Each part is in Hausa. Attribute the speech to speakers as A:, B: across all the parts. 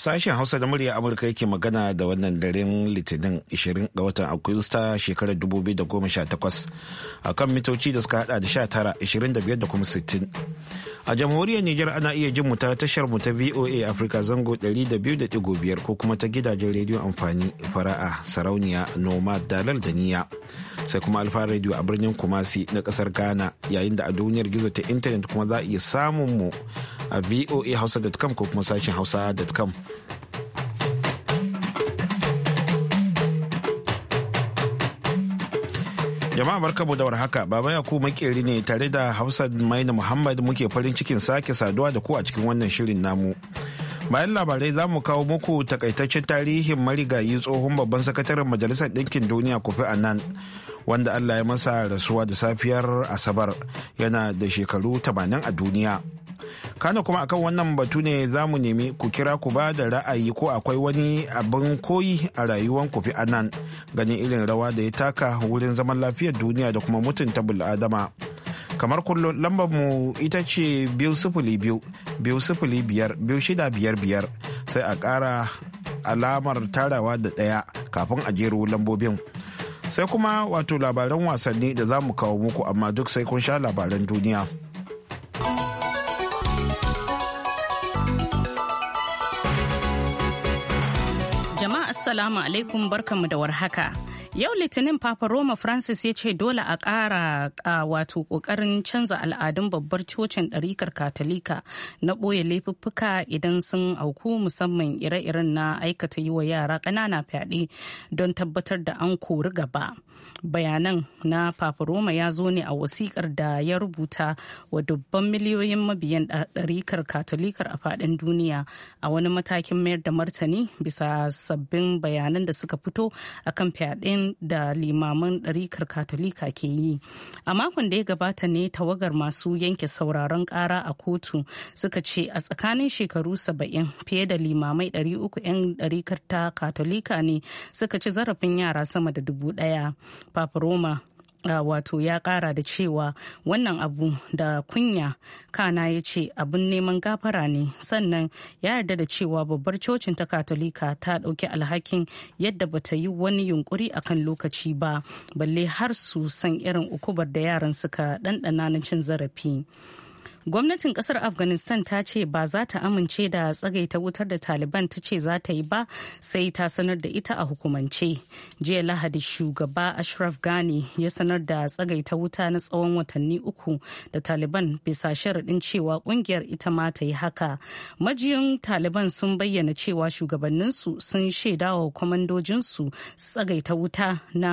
A: Sashen Hausa da murya Amurka yake magana da wannan daren Litinin 20 ga watan Agusta shekarar 2018 a kan mitoci da suka hada da 19, 25 da kuma 60. A jamhuriyar Nijar ana iya jin mu ta tashar mu ta VOA Africa zango 200.5 ko kuma ta gidajen rediyo amfani fara'a sarauniya nomad dalal da niya. Sai kuma alfa rediyo a birnin Kumasi na kasar Ghana yayin da a duniyar gizo ta intanet kuma za a iya samun mu a voa hausa.com ko kuma sashen hausa.com. Jama'a barkamu da warhaka Baba Yakubu makeri ne tare da Hafsat Maina Muhammad muke farin cikin sake saduwa da ku a cikin wannan shirin namu. Bayan labarai za mu kawo muku takaitaccen tarihin marigayi tsohon babban sakataren Majalisar Ɗinkin Duniya Kofi Annan wanda Allah ya masa rasuwa da safiyar Asabar yana da shekaru 80 a duniya. kana kuma akan wannan batu ne za mu nemi ku kira ku ba da ra'ayi ko akwai wani abin koyi a rayuwan ku fi anan ganin irin rawa da ya taka wurin zaman lafiyar duniya da kuma mutunta bul'adama kamar kullum lambar mu ita ce biyu sifili biyu biyu sifili biyar biyu shida biyar biyar sai a kara alamar tarawa da ɗaya kafin a jero lambobin sai kuma wato labaran wasanni da za mu kawo muku amma duk sai kun sha labaran duniya.
B: Assalamu alaikum barkanmu da warhaka. Yau Litinin Papa Roma Francis ya ce dole a ƙara wato ƙoƙarin canza al'adun babbar cocin ɗarikar Katolika na ɓoye laifuffuka idan sun auku musamman ire-iren na aikata yi wa yara ƙanana fyaɗe don tabbatar da an kori gaba. bayanan na paparoma ya zo ne a wasikar da ya rubuta wa dubban miliyoyin mabiyan ɗarikar katolikar a faɗin duniya a wani matakin mayar da martani bisa sabbin bayanan da suka fito a kan fyaɗen da limaman ɗarikar katolika ke yi a makon da ya gabata ne tawagar masu yanke sauraron ƙara a kotu suka ce a tsakanin shekaru saba'in fiye da limamai ɗari uku 'yan ɗarikar ta katolika ne suka ci zarafin yara sama da dubu ɗaya paparoma Uh, wato ya kara da cewa wannan abu da kunya kana ya ce abin neman gafara ne sannan ya yarda da cewa babbar cocin ta katolika ta dauki alhakin yadda ba ta yi wani yunkuri akan lokaci ba balle har su san irin ukubar da yaran suka ɗanɗana na cin zarafi gwamnatin kasar afghanistan ta ce ba za ta amince da tsagaita wutar da taliban ta ce za ta yi ba sai ta sanar da ita a hukumance jiya lahadi shugaba ashraf ghani ya sanar da tsagaita wuta na tsawon watanni uku da taliban bisa sharaɗin cewa kungiyar ita ma ta yi haka majiyin taliban sun bayyana cewa shugabanninsu sun shaidawa kwamandojinsu tsagaita wuta na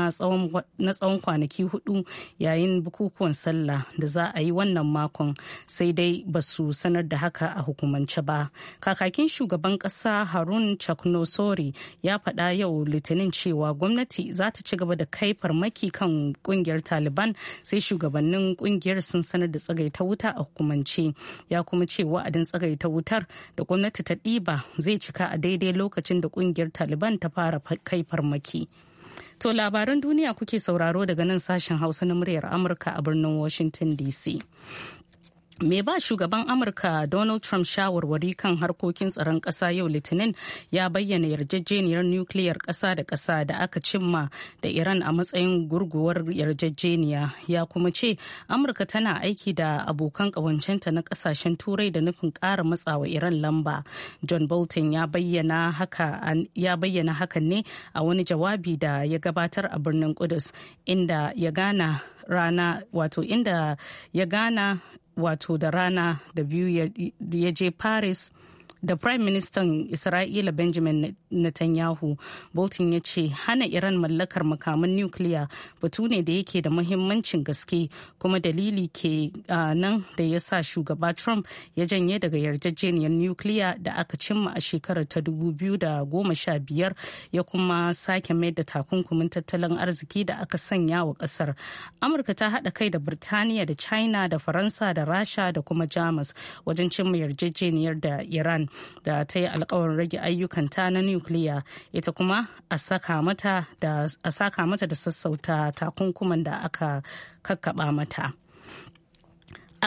B: tsawon kwanaki hudu yayin bukukuwan sallah da za a yi wannan makon sai dai ba su sanar da haka a hukumance ba kakakin shugaban kasa harun chaknosori ya faɗa yau litinin cewa gwamnati za ta ci gaba da kai farmaki kan kungiyar taliban sai shugabannin kungiyar sun sanar da tsagaita wuta a hukumance ya kuma ce wa'adin tsagaita wutar da gwamnati ta ɗiba zai cika a daidai lokacin da kungiyar taliban ta fara kai farmaki To labaran duniya kuke sauraro daga nan sashen Hausa na muryar Amurka a birnin Washington DC. me ba shugaban amurka donald trump shawarwari kan harkokin tsaron ƙasa yau litinin ya bayyana yarjejeniyar nukiliyar ƙasa da ƙasa da aka cimma da iran a matsayin gurguwar yarjejeniya ya kuma ce amurka tana aiki da abokan ƙawancenta na ƙasashen turai da nufin ƙara matsawa iran lamba john bolton ya bayyana hakan ne a wani jawabi da ya gabatar a birnin kudus inda ya gana rana wato inda ya gana wato da rana da biyu ya je paris da prime ministan isra'ila benjamin netanyahu bolton ya ce hana iran mallakar makaman nukiliya batu ne da yake da muhimmancin gaske kuma dalili ke nan da ya sa shugaba trump ya janye daga yarjejeniyar nukiliya da aka cimma a shekarar ta 2015 ya kuma sake mai da takunkumin tattalin arziki da aka sanya wa kasar amurka ta haɗa kai da birtaniya da china da faransa da rasha da kuma jamus wajen cimma yarjejeniyar da iran da ta yi alkawarin rage ayyukanta na nukiliya ita kuma a saka mata da sassauta takunkuman da aka kakkaba mata.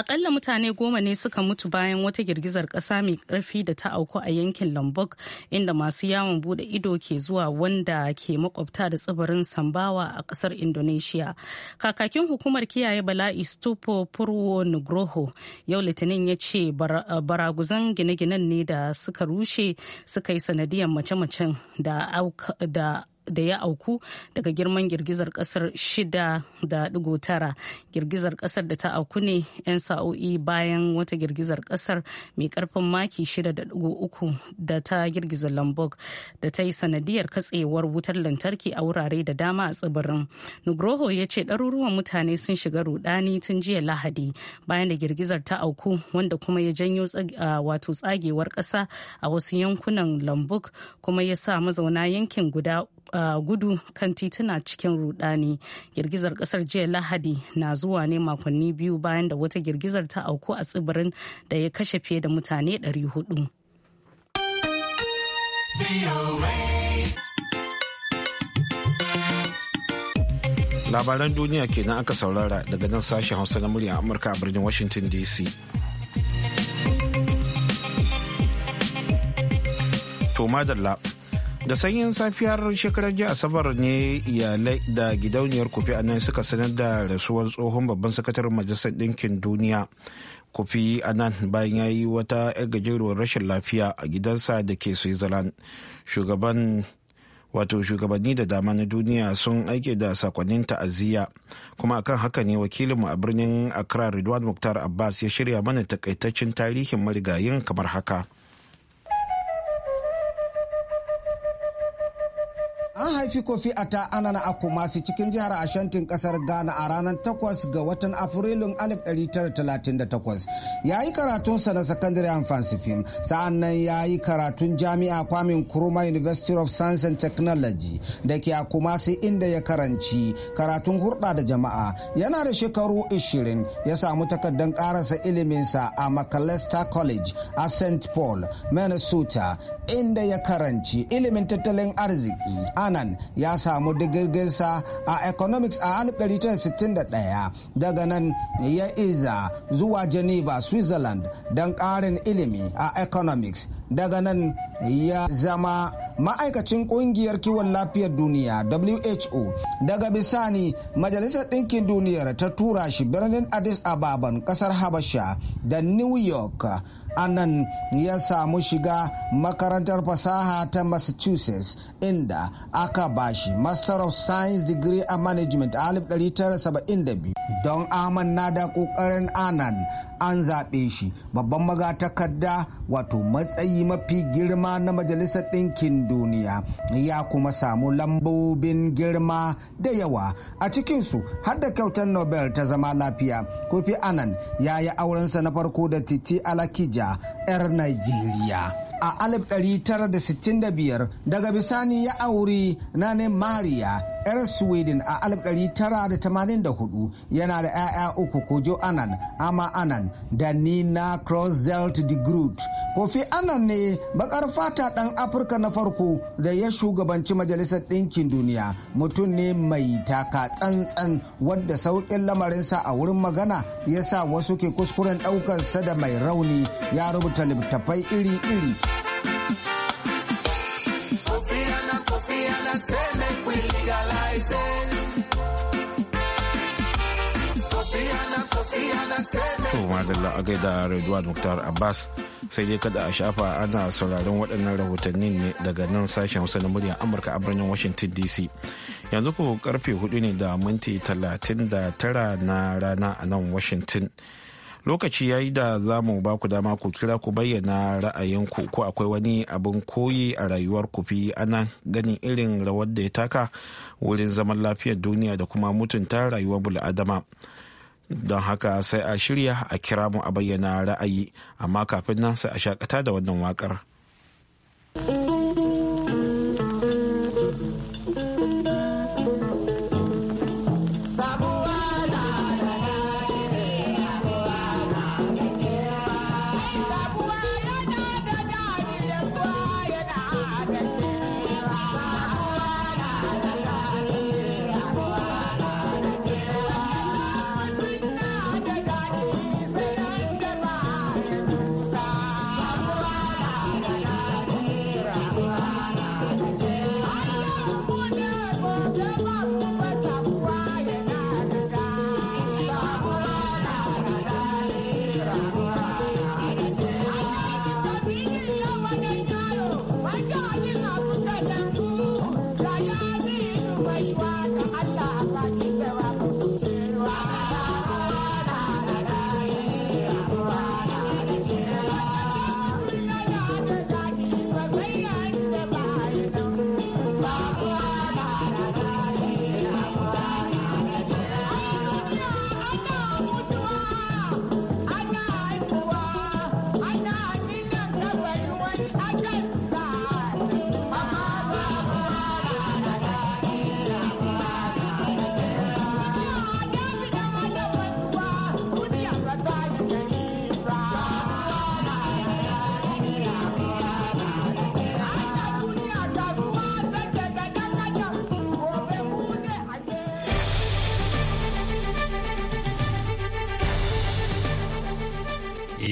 B: Akalla mutane goma ne suka mutu bayan wata girgizar ƙasa mai ƙarfi da ta auku a yankin Lombok inda masu yawon bude ido ke zuwa wanda ke makwabta da tsibirin Sambawa a ƙasar Indonesia. Kakakin hukumar kiyaye bala'i Stupo Purwo Nugroho yau Litinin ya ce baraguzan gine-ginen ne da suka rushe suka yi sanadiyar mace-macen da da ya auku daga girman girgizar kasar 6.9 girgizar kasar da ta auku ne 'yan sa'o'i bayan wata girgizar kasar mai karfin maki 6.3 da ta girgiza lombok da ta yi sanadiyar katsewar wutar lantarki a wurare da dama a tsibirin nugroho ya ce ɗaruruwan mutane sun shiga rudani tun jiya lahadi bayan da girgizar ta auku wanda kuma ya janyo wato tsagewar ƙasa a wasu yankunan lombok kuma ya sa mazauna yankin guda Uh, gudu kan tituna cikin rudani girgizar kasar jiya lahadi na zuwa ne makonni biyu bayan da wata girgizar ta auku a tsibirin da ya kashe fiye da mutane 400
A: labaran duniya kenan aka saurara daga nan sashen hausa na murya amurka a birnin washington dc to madalla da sanyin safiyar shekarar jiya asabar ne iyalai da gidauniyar kufi a nan suka sanar da rasuwar tsohon babban sakataren majalisar ɗinkin duniya kofi anan bayan ya yi wata 'yar gajeruwar rashin lafiya a gidansa da ke switzerland shugaban wato shugabanni da dama na duniya sun aike da sakonnin ta'aziyya kuma akan haka ne wakilinmu a birnin accra ridwan muktar abbas ya shirya mana takaitaccen tarihin marigayin kamar haka
C: mahaifi kofi ata anana a kumasi cikin jihar ashantin kasar ghana a ranar 8 ga watan afrilun 1938 ya yi karatunsa na secondary and fancy film sa'an nan ya yi karatun jami'a kwamin kuruma university of science and technology da ke a kumasi inda ya karanci karatun hurɗa da jama'a yana da shekaru 20 ya samu takardar karasa iliminsa a macalester college a st paul minnesota inda ya karanci ilimin tattalin arziki anan ya samu digirginsa a economics a 1961 daga nan ya iza zuwa Geneva, Switzerland don ƙarin ilimi a economics daga nan ya zama ma'aikacin kungiyar kiwon lafiyar duniya who daga bisani majalisar ɗinkin duniyar ta tura shi birnin addis ababan ƙasar habasha da new york anan ya samu shiga makarantar fasaha ta massachusetts inda aka bashi master of science degree a management a 1972 don amanna da ƙoƙarin anan an zaɓe shi babban magatakarda wato matsayi mafi girma na majalisar ɗinkin duniya ya kuma samu lambobin girma da yawa a cikinsu har da kyautar nobel ta zama lafiya kofi anan ya yi aurensa na farko da titi alakija 'yar nigeria a 1965 daga bisani ya auri na ne mariya 'yar sweden a 1984 yana da 'ya'ya uku kojo anan ama anan da nina delt de groot kofi anan ne bakar fata dan afirka na farko da ya shugabanci majalisar ɗinkin duniya mutum ne mai taka tsantsan wadda sauƙin lamarinsa a wurin magana ya sa wasu ke kuskuren ɗaukarsa da mai rauni ya rubuta littattafai iri-iri
A: madalla a da Redwan Muktar Abbas sai dai kada a shafa ana sauraron waɗannan rahotanni ne daga nan sashen Hausa na muryar Amurka a birnin Washington DC. Yanzu ko karfe hudu ne da minti talatin da tara na rana a nan Washington. Lokaci ya yi da za mu ba ku dama ku kira ku bayyana ra'ayinku ko akwai wani abin koyi a rayuwar ku fi ana ganin irin rawar da ya taka wurin zaman lafiyar duniya da kuma mutunta rayuwar bul'adama. don haka sai a shirya a kira mu a bayyana ra'ayi amma kafin nan sai a shakata da wannan waƙar.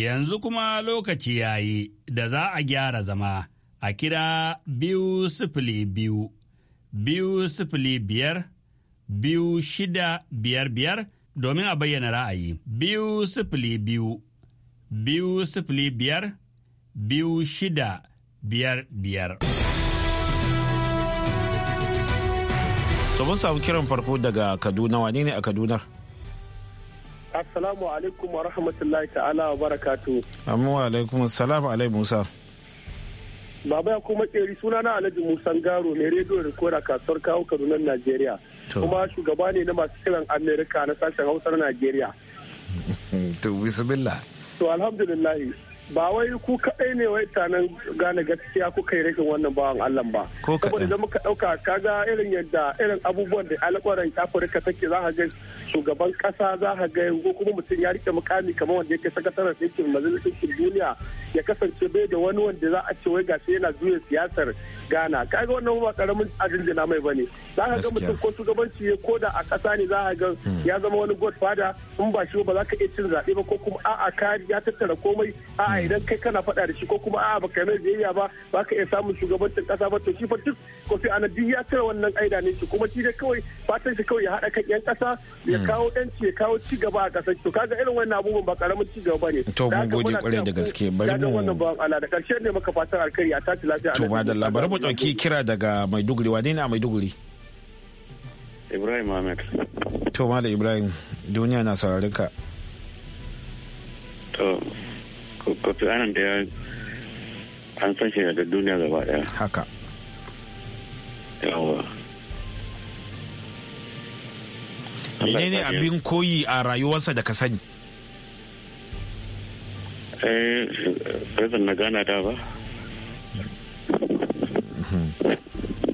D: Yanzu kuma lokaci ya yi da za a gyara zama a kira biyu sifili biyu, biyu sifili biyar, biyu shida biyar biyar domin a bayyana ra'ayi. Biyu sifili biyu, biyu sifili biyar,
A: biyu shida biyar biyar. To kiran farko daga Kaduna, wane ne a Kadunar?
D: Assalamu alaikum wa rahmatullahi ta'ala wa barakatu.
A: Amma wa alaikum salam alaikum Musa.
D: Baba ya kuma tseri suna na Alhaji Musa Garo mai rediyo da kora kasuwar kawo Kaduna Najeriya. Kuma shugaba ne na masu kiran Amerika na sashen Hausar Najeriya.
A: To bismillah.
D: To alhamdulillah. ba wai ku kaɗai ne wai tanan gane gaskiya kuka yi rikin wannan bawan Allah ba. Ko kaɗai. Saboda idan muka ɗauka kaga irin yadda irin abubuwan da alƙawarin Afirka take za ka ga shugaban ƙasa za ka ga ko kuma mutum ya rike mukami kamar wanda yake sakataren ɗinkin majalisar cikin duniya ya kasance bai da wani wanda za a ce wai gashi yana juya siyasar Ghana. Kaga wannan ba karamin na mai bane. Za ka ga mutum ko shugabanci ya koda a kasa ne za ka ga hmm. ya zama wani godfather in ba shi ba za ka iya cin zaɓe ba ko kuma a'a ya tattara komai a'a idan kai kana faɗa da shi ko kuma a baka mai biyayya ba ba ka iya samun shugabancin ƙasa ba to shi fa duk sai ana duk ya cire wannan ƙaida ne shi kuma shi dai kawai fatan shi kawai ya haɗa kan yan ƙasa ya hmm. kawo ɗanci ya kawo ci gaba a ƙasar to kaga irin wannan abubuwan ba karamin ci gaba ne to mun gode kwarai da gaske bari mu wannan ba ala da karshe ne maka fatan alkhairi a tashi lafiya to ba
A: da labarin mu dauki kira daga Maiduguri wane ne a Maiduguri
D: Ibrahim Ahmed
A: to Malam Ibrahim duniya na sauraron ka
D: to kofi da ya an san shi duniya gaba daya
A: haka yawa menene abin koyi a rayuwarsa da ka sani
D: eh na gana da ba
A: mhm.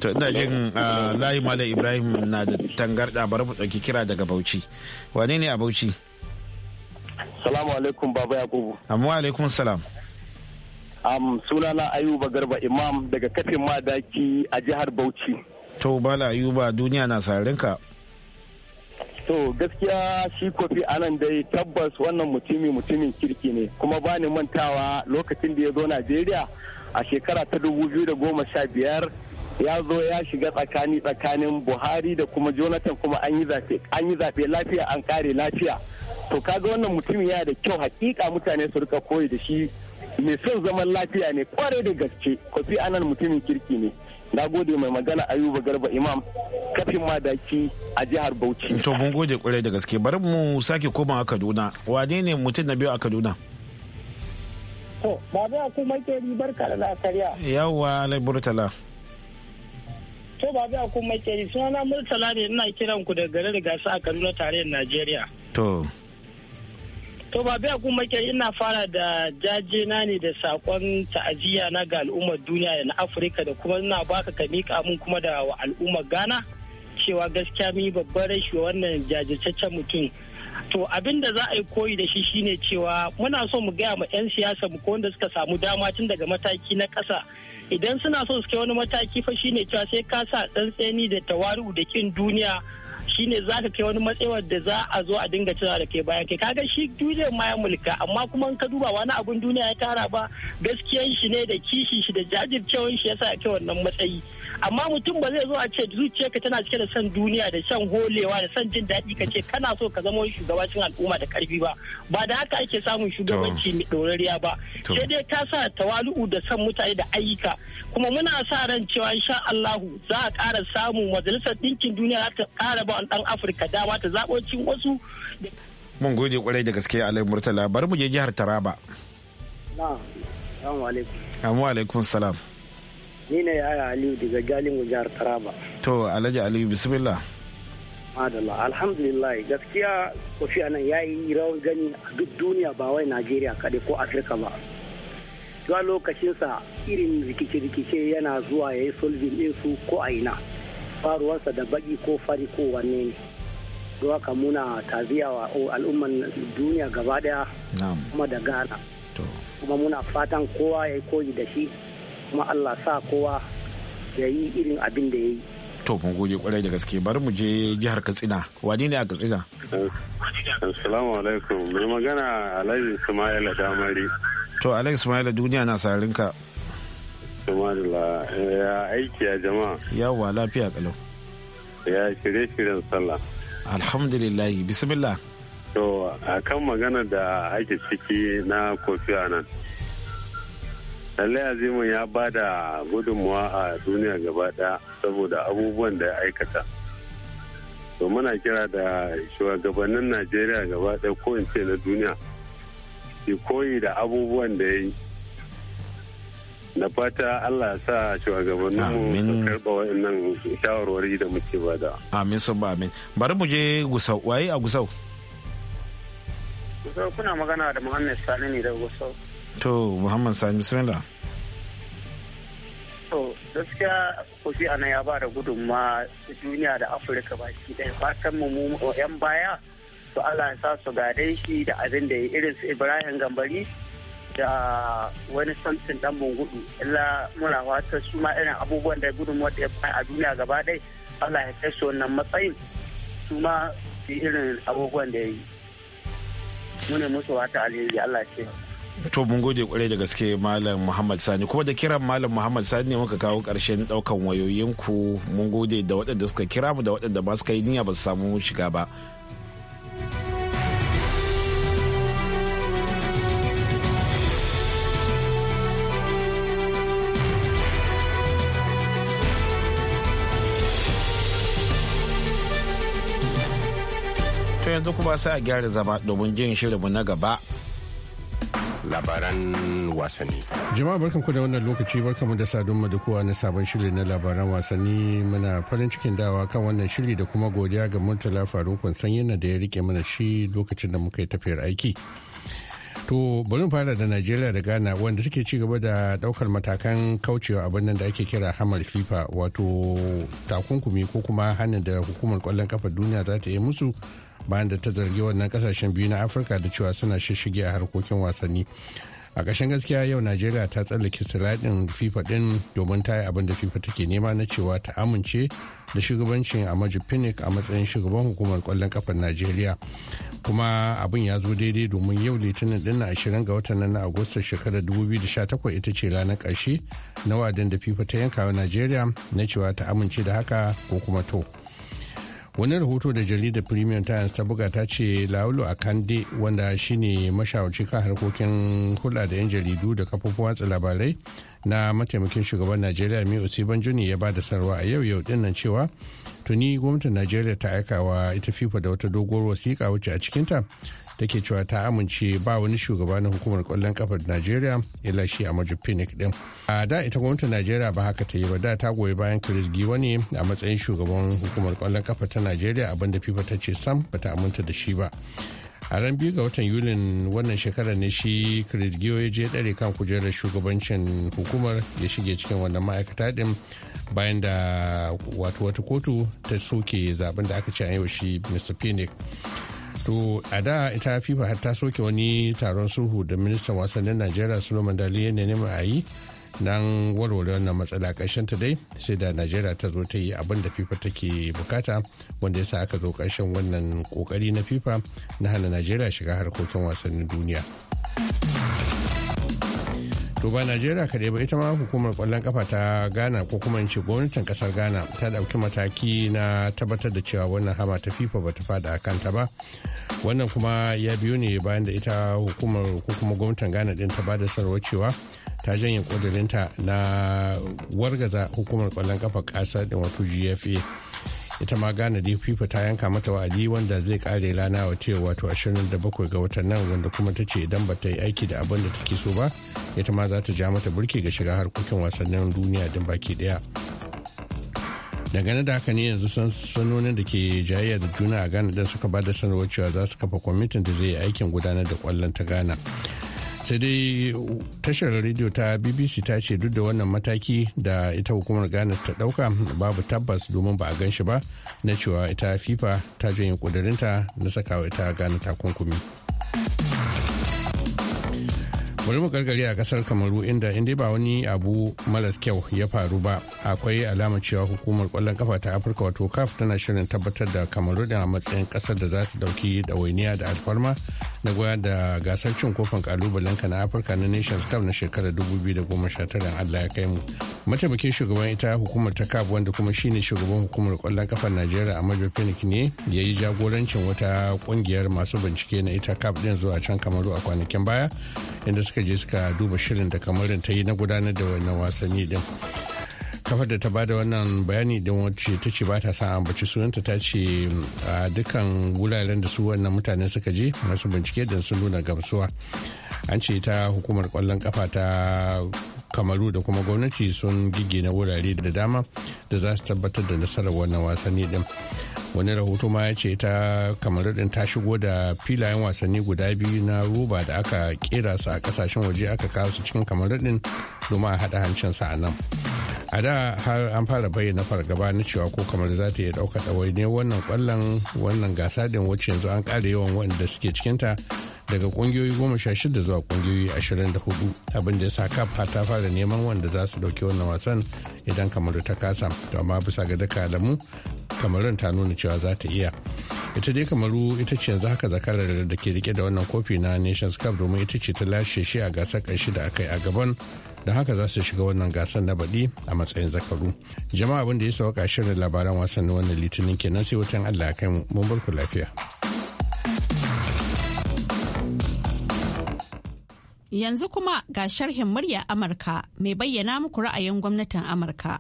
A: to ina jin ah, layi malam ibrahim na da tangarda bari mu dauki kira daga bauchi wane ne a bauchi Salamu alaikum Baba Yakubu. Amma alaikum salam.
D: suna sunana Ayuba Garba Imam daga kafin madaki a jihar Bauchi.
A: To bala Ayuba duniya na sarinka
D: To gaskiya shi kofi anan dai tabbas wannan mutumi mutumin kirki ne kuma ba ni mantawa lokacin da ya zo Najeriya a shekara ta dubu biyu da goma sha biyar ya zo ya shiga tsakani tsakanin buhari da kuma jonathan kuma an yi zafe an yi zafe lafiya an kare lafiya to kaga wannan mutum yana da kyau hakika mutane su rika koyi da shi mai son zaman lafiya ne kwarai da gaske kofi anan mutumin kirki ne na gode mai magana ayuba garba imam kafin madaki a jihar bauchi
A: to mun gode kware da gaske bari mu sake koma a kaduna wane ne mutum na biyu a kaduna
E: to ba za ku mai barka da lafiya
A: yawa lai burtala
E: ko ba za ku suna sunana murtala ne ina kiran ku da garin gasa a kaduna tarayyar najeriya to to ba biya ku ina fara da jaje na ne da sakon ta'aziyya na ga al'ummar duniya da na afirka da kuma ina baka ka mika mun kuma da al'ummar ghana cewa gaskiya yi babban rashi wannan jajirtaccen mutum to abin da za a yi koyi da shi shine cewa muna so mu gaya ma 'yan siyasa mu ko wanda suka samu dama tun daga mataki na ƙasa idan suna so su kai wani mataki fa shine cewa sai ka sa tsantseni da tawaru da kin duniya shine za ka kai wani matsayawar da za a zo a dinga cewa da kai bayan kai kaga shi duniyar ma ya mulka amma kuma ka duba wani abun duniya ya tara ba gaskiyan shi ne da kishi shi da jajircewan shi yasa ya kai wannan matsayi amma mutum ba zai zo a ce zuciyarka tana cike da san duniya da shan holewa da san jin daɗi ka ce kana so ka zama shugabacin al'umma da karfi ba ba da haka ake samun shugabanci mai ɗorariya ba sai dai ka sa tawalu'u da san mutane da ayyuka kuma muna sa ran cewa insha Allahu za a ƙara samu majalisar ɗinkin duniya za ta ƙara ba ɗan Afirka dama ta zaɓo cin wasu.
A: Mun gode kwarai da gaske Alai Murtala bari mu je jihar Taraba.
E: Na'am. Assalamu alaikum.
A: Assalamu alaikum salam.
E: ni ne yaya aliyu daga jalingo jihar taraba
A: to alhaji aliyu bismillah
E: madalla alhamdulillah gaskiya kofi nan ya yi rawar gani a duk duniya ba wai najeriya kaɗai ko afirka ba zuwa lokacinsa irin rikice-rikice yana zuwa ya yi solving su ko a ina faruwarsa da baki ko fari ko wanne ne zuwa ka muna taziya wa al'umman duniya gaba daya kuma da ghana kuma muna fatan kowa ya yi koyi da shi kuma Allah sa kowa ya yi irin abin da ya
A: yi. To mun gode kwarai da gaske bari mu je jihar Katsina. Wani ne a Katsina?
D: Assalamu alaikum. Mai magana Alhaji Ismail Adamari.
A: To Alex Ismail duniya na sarin ka.
D: Tumarila ya aiki a jama'a. Yawwa
A: lafiya kalau.
D: Ya shirye-shiryen sallah.
A: Alhamdulillahi, bismillah.
D: To a kan magana da ake ciki na kofi a nan. lallai azimin ya ba da gudunmuwa a duniya gaba ɗaya saboda abubuwan da ya aikata to muna kira da shugabannin najeriya gaba ɗaya ko in ce na duniya ki koyi da abubuwan da ya yi da fata allah ya sa mu su karɓa wa'annan
A: shawarwari da muke ba da. amin sun ba amin bari mu je gusau waye a gusau
D: gusau kuna magana da muhammad sani ne da gusau
A: to muhammad Sani bismillah
E: to gaskiya kofi ana ya ba da gudunma duniya da afirka baki ɗaya fatan mu yan baya to allah ya sa su gadai shi da abin da ya irin su ibrahim gambari da wani samson dan gudu. illa muna wata su ma irin abubuwan da gudunma da ya a duniya gaba ɗaya allah ya kai su wannan matsayin su ma su irin abubuwan da ya yi muna musu wata alheri allah ya ce
A: to mun gode kwarai da gaske malam muhammad sani kuma da kiran malam muhammad sani ne muka kawo karshen daukan wayoyinku mun gode da waɗanda suka kira mu da waɗanda ba suka yi niyya ba su samu shiga ba To yanzu kuma sai a gyara zama domin jin shirinmu na gaba labaran wasanni.
F: Jama'a barkanku da wannan lokaci barkanmu da sadunmu da kowa na sabon shiri na labaran wasanni muna farin cikin dawa kan wannan shiri da kuma godiya ga Murtala san yana da ya rike mana shi lokacin da muka yi tafiyar aiki. To bari fara da Najeriya da Ghana wanda suke ci gaba da daukar matakan kaucewa a nan da ake kira hamal FIFA wato takunkumi ko kuma hannun da hukumar kwallon kafa duniya za ta yi musu bayan da ta zargi wannan kasashen biyu na afirka da cewa suna shishige a harkokin wasanni a ƙarshen gaskiya yau najeriya ta tsallake siladin fifa ɗin domin ta yi abin da fifa take nema na cewa ta amince da shugabancin a pinnick a matsayin shugaban hukumar kwallon kafar najeriya kuma abin ya zo daidai domin yau litinin ɗin na ashirin ga watan nan na agusta shekarar 2018 ita ce ranar ƙarshe na wadin da fifa ta yanka wa najeriya na cewa ta amince da haka ko kuma to. wani rahoto da jaridar premium times ta buga ta ce laulu a kande wanda shine mashawarci kan harkokin hula da 'yan jaridu da kafofin watsa labarai na mataimakin shugaban najeriya mai osi juni ya ba da sarwa a yau yau dinnan cewa tuni gwamnatin najeriya ta aikawa wa ita fifa da wata doguwar wasiƙa wacce a cikinta take cewa ta amince ba wani shugaba na hukumar kwallon kafar najeriya illa shi a maju phoenix din a da ita gwamnatin najeriya ba haka ta yi ba da ta goyi bayan chris Giwani ne a matsayin shugaban hukumar kwallon kafa ta najeriya abinda fifa ta ce sam ba ta aminta da shi ba a ran biyu ga watan yulin wannan shekarar ne shi chris giwa ya je dare kan kujerar shugabancin hukumar ya shige cikin wannan ma'aikata din bayan da wato wata kotu ta soke zaben da aka ce a yi wa shi mr phoenix to a da ita fifa har ta soke wani taron sulhu da ministan wasannin najeriya suleiman dali ne nema a yi nan warware wannan matsala ƙarshen ta dai sai da najeriya ta zo ta yi abin da fifa take bukata wanda ya sa aka zo ƙarshen wannan ƙoƙari na fifa na hana najeriya shiga harkokin wasannin duniya. to ba najeriya kaɗai ba ita ma hukumar kwallon kafa ta ghana ko kuma in ce gwamnatin kasar ghana ta ɗauki mataki na tabbatar da cewa wannan hama ta fifa ba ta fada a kanta ba wannan kuma ya biyu ne bayan da ita hukumar ko kuma gwamnatin ghana ɗin ta bada sarwa cewa ta janye kudurinta na wargaza hukumar kwallon kafa kasar da wato gfa ita ma ghana da fifa ta yanka mata wa'adi wanda zai kare rana wa ce wato 27 ga watan nan wanda kuma ta ce idan ba ta yi aiki da abin da ta ke so ba ita ma za ta ja mata burki ga shiga harkokin wasannin duniya din baki daya dangane da haka ne yanzu sanonin da ke jayayya da juna a ghana din suka ba da sanarwar cewa za su kafa kwamitin da zai yi aikin gudanar da kwallon ta ghana sai dai tashar rediyo ta bbc ta ce duk da wannan mataki da ita hukumar ghana ta dauka babu tabbas domin ba a gan shi ba na cewa ita fifa ta janye kudurinta na sakawa ita ghana takunkumi bari mu karkare a kasar kamaru inda inda ba wani abu malas kyau ya faru ba akwai alama cewa hukumar kwallon kafa ta afirka wato caf tana shirin tabbatar da kamaru da matsayin kasar da za ta dauki ɗawainiya da alfarma na goya da gasar cin kofin kalubalen ka na afirka na nations cup na shekarar 2019 allah ya kai mu mataimakin shugaban ita hukumar ta caf wanda kuma shine shugaban hukumar kwallon kafar najeriya a major ne ya yi jagorancin wata kungiyar masu bincike na ita caf din zuwa can kamaru a kwanakin baya inda suka je suka duba shirin da kamarin ta yi na gudanar da wannan wasanni din kafar da ta ba da wannan bayani don wacce ta ce ba ta san ambaci sunanta ta ce a dukkan wuraren da su wannan mutane suka je masu bincike don sun nuna gamsuwa an ce ta hukumar kwallon kafa ta kamaru da kuma gwamnati sun gige na wurare da dama da za su tabbatar da nasarar wannan wasanni din wani rahoto ma ya ce ta kamaru din ta shigo da filayen wasanni guda biyu na roba da aka kera su a kasashen waje aka kawo su cikin kamaru din domin a haɗa hancin sa a nan a da har an fara bayyana fargaba na cewa ko kamar za ta iya ɗauka ɗawai ne wannan kwallon wannan gasa din wacce yanzu an ƙara yawan waɗanda suke cikinta daga kungiyoyi goma sha shida zuwa kungiyoyi ashirin da hudu abin da ya sa kafa ta fara neman wanda za su dauki wannan wasan idan kamaru ta kasa to amma bisa ga daka mu kamarun ta nuna cewa za ta iya ita dai kamaru ita ce yanzu haka zakarar da ke rike da wannan kofi na nations cup domin ita ce ta lashe shi a gasar karshe da aka yi a gaban don haka za su shiga wannan gasar na baɗi a matsayin zakaru jama'a abin da ya sauka shirin labaran wasanni wannan litinin kenan sai wutan allah kai mu mun barku lafiya
G: Yanzu kuma ga sharhin murya Amurka mai bayyana muku ra'ayin gwamnatin Amurka.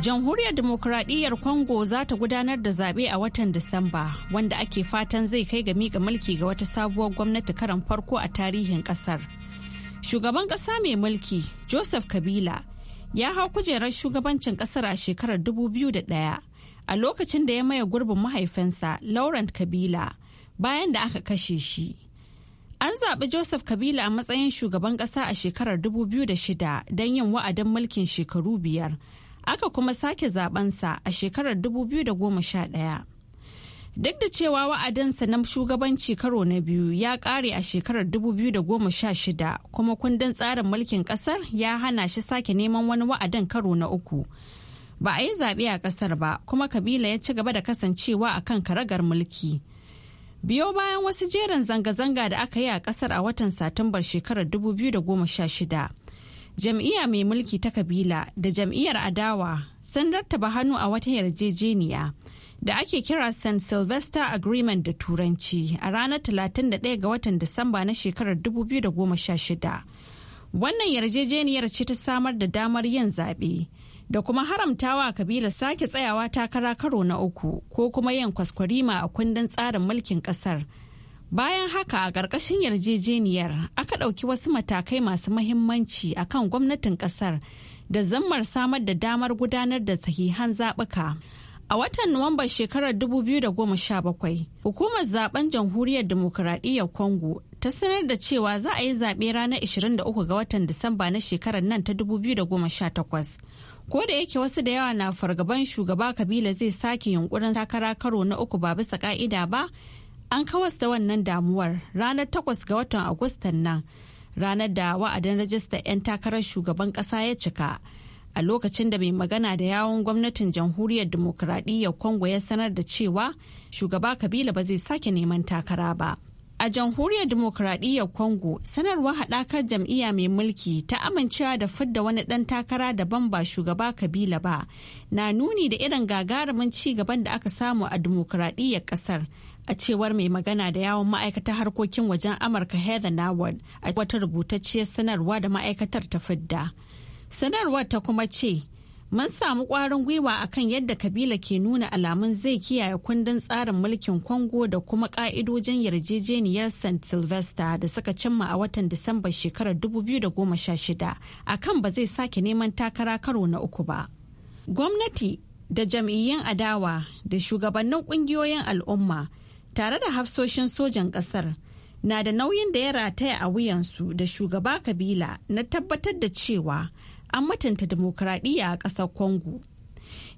G: Jamhuriyar Demokuraɗiyyar Congo za ta gudanar da zaɓe a watan Disamba wanda ake fatan zai kai ga miƙa mulki ga wata sabuwar gwamnati karan farko a tarihin ƙasar. Shugaban ƙasa mai mulki Joseph Kabila ya hau kujerar shugabancin ƙasar a shekarar 2001 a lokacin da ya maye gurbin mahaifinsa Laurent Kabila bayan da aka kashe shi. An zaɓi Joseph Kabila a matsayin shugaban ƙasa a shekarar 2006 don yin wa'adin mulkin shekaru biyar, aka kuma sake zaɓensa a shekarar 2011. Duk da cewa wa'adinsa na shugabanci karo na biyu ya ƙare a shekarar 2016 kuma kundin tsarin mulkin ƙasar ya hana shi sake neman wani wa'adin karo na uku. Ba a yi zaɓe a ƙasar ba kuma Kabila ya ci gaba da kasancewa a kan karagar mulki. biyo bayan wasu jerin zanga-zanga da aka yi a kasar a watan satumbar shekarar 2016 jam'iyya mai mulki ta kabila da jam'iyyar adawa sun rattaba hannu a wata yarjejeniya da ake kira st sylvester agreement da turanci a ranar 31 ga watan disamba na shekarar 2016 wannan yarjejeniyar ce ta samar da damar yin zaɓe da kuma haramtawa kabila sake tsayawa takara karo na uku ko kuma yin kwaskwarima a kundin tsarin mulkin kasar bayan haka a ƙarƙashin yarjejeniyar aka ɗauki wasu matakai masu mahimmanci akan gwamnatin ƙasar da zammar samar da damar gudanar da sahihan zaɓuka a watan nuwamba shekarar 2017 hukumar zaben jamhuriyar demokuraɗiyyar congo ta sanar da cewa za a yi zaɓe ranar 23 ga watan disamba na shekarar nan ta 2018 ko da yake wasu da yawa na fargaban shugaba kabila zai sake yunkurin takara karo na uku ba bisa ka'ida ba an kawas da wannan damuwar ranar takwas ga watan agustan nan ranar da wa'adin rajistar 'yan takarar shugaban kasa ya cika a lokacin da mai magana da yawon gwamnatin jamhuriyar demokuraɗiyyar kongo ya sanar da cewa shugaba kabila ba zai sake neman takara ba A jamhuriyar demokuraɗiyyar Congo, sanarwar haɗakar jam'iyya mai mulki ta amincewa da fidda wani ɗan takara daban ba shugaba kabila ba, na nuni da irin gagarumin ci gaban da aka samu a demokradiyyar ƙasar. A cewar mai magana da yawon ma'aikatar harkokin wajen Amurka Heather Nawal a wata rubutacciyar sanarwa da ma'aikatar ta fidda. Sanarwar ta kuma ce, Mun samu ƙwarin gwiwa a kan yadda Kabila ke nuna alamun zai kiyaye kundin tsarin mulkin kwango da kuma ƙa'idojin yarjejeniyar St. Sylvester da suka cimma a watan Disamba shekarar 2016 akan ba zai sake neman takara karo na uku ba. Gwamnati da jam'iyyun adawa da shugabannin ƙungiyoyin al'umma tare da hafsoshin sojan ƙasar. na da nauyin da ya rataya a wuyansu da shugaba kabila na tabbatar da cewa an mutunta dimokuraɗiyya a ƙasar Congo.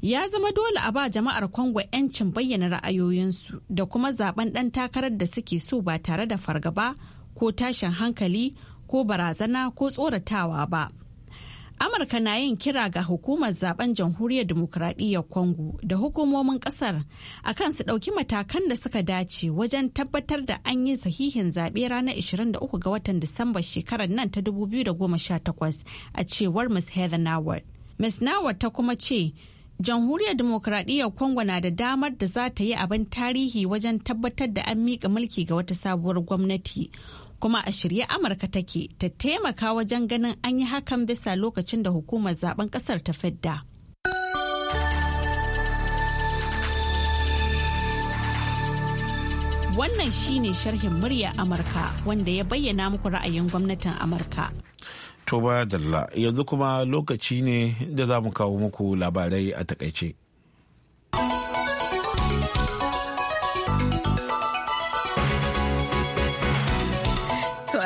G: Ya zama dole a ba jama'ar Congo 'yancin bayyana ra'ayoyinsu da kuma zaben ɗan takarar da suke so ba tare da fargaba ko tashin hankali ko barazana ko tsoratawa ba. Amurka na yin kira ga hukumar zaben jamhuriyar demokuraɗiyyar Kongo da hukumomin ƙasar kan su ɗauki matakan da suka dace wajen tabbatar da an yi sahihin zaɓe ranar 23 ga watan Disamba shekarar nan ta 2018 a cewar Ms. Heather Nawar. Ms. Nawar ta kuma ce, jamhuriyar demokuraɗiyyar Kongo na da damar da za ta yi abin tarihi wajen tabbatar da an miƙa mulki ga wata sabuwar gwamnati kuma a shirye amurka take ta taimaka wajen ganin an yi hakan bisa lokacin da hukumar zaben kasar ta fidda wannan shine sharhin murya amurka wanda ya bayyana muku ra'ayin gwamnatin amurka
A: toba dalla yanzu kuma lokaci ne da za mu kawo muku labarai a takaice.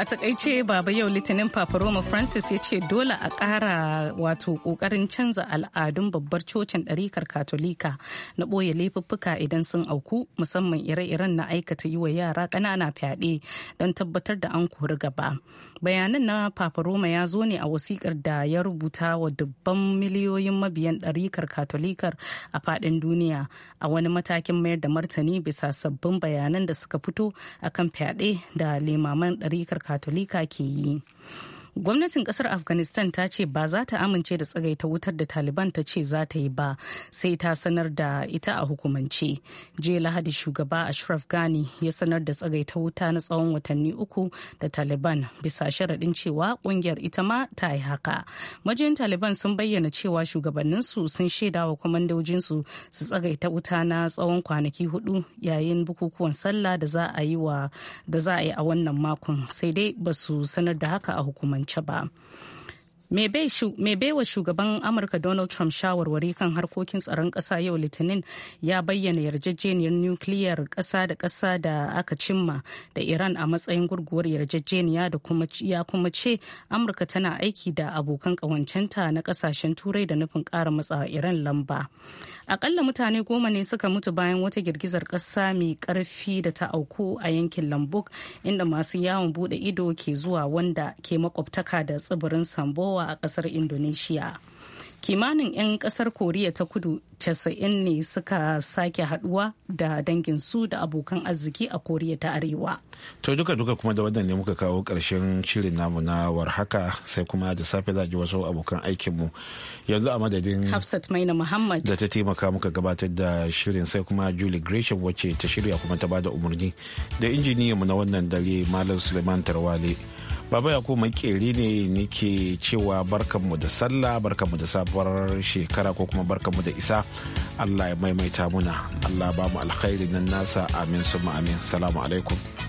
B: a takaice baba yau litinin Papa Roma Francis ya ce dole a kara wato kokarin canza al'adun babbar cocin ɗarikar Katolika na ɓoye laifuffuka idan sun auku musamman ire-iren na aikata yi wa yara ƙanana fyaɗe don tabbatar da an kori gaba. Bayanan na Papa ya zo ne a wasikar da ya rubuta wa dubban miliyoyin mabiyan ɗarikar Katolikar a faɗin duniya a wani matakin mayar da martani bisa sabbin bayanan da suka fito akan fyaɗe da limaman ɗarikar katolika ke yi gwamnatin kasar afghanistan ta ce ba za ta amince da tsagaita wutar da taliban ta ce za ta yi ba sai ta sanar da ita a hukumance jiya lahadi shugaba ashraf ghani ya sanar da tsagaita wuta na tsawon watanni uku da taliban bisa sharaɗin cewa ƙungiyar ita ma ta yi haka majiyin taliban sun bayyana cewa shugabanninsu sun shaida wa kwamandojinsu su tsagaita wuta na tsawon kwanaki hudu yayin bukukuwan sallah da za a yi a wannan makon sai dai ba su sanar da haka a hukumance Habanta mai baiwa shugaban amurka donald trump shawarwari kan harkokin tsaron kasa yau litinin ya bayyana yarjejeniyar nukiliyar kasa da kasa da aka cimma da iran a matsayin gurguwar yarjejeniya da ya kuma ce amurka tana aiki da abokan ƙawancenta na kasashen turai da nufin kara matsa iran lamba akalla mutane goma ne suka mutu bayan wata girgizar kasa mai ƙarfi da ta auku a yankin lambuk inda masu yawon bude ido ke zuwa wanda ke makwabtaka da tsibirin sambowa yawa a kasar indonesia kimanin 'yan kasar koriya ta kudu 90 ne suka sake haduwa da dangin su da abokan arziki a koriya ta arewa
A: to duka duka kuma da wannan ne muka kawo karshen shirin namu na warhaka sai kuma da safe za ji wasu abokan aikinmu yanzu a madadin
B: hafsat maina muhammad
A: da ta taimaka muka gabatar da shirin sai kuma julie gresham wacce ta shirya kuma ta bada umarni da injiniyanmu na wannan dare malam suleiman tarwale Baba Yakubu makeri ne nike cewa barkanmu da sallah barkanmu da sabuwar shekara ko kuma barkanmu da isa Allah ya maimaita muna Allah ba mu alkhairi nan nasa amin suma amin salamu alaikum.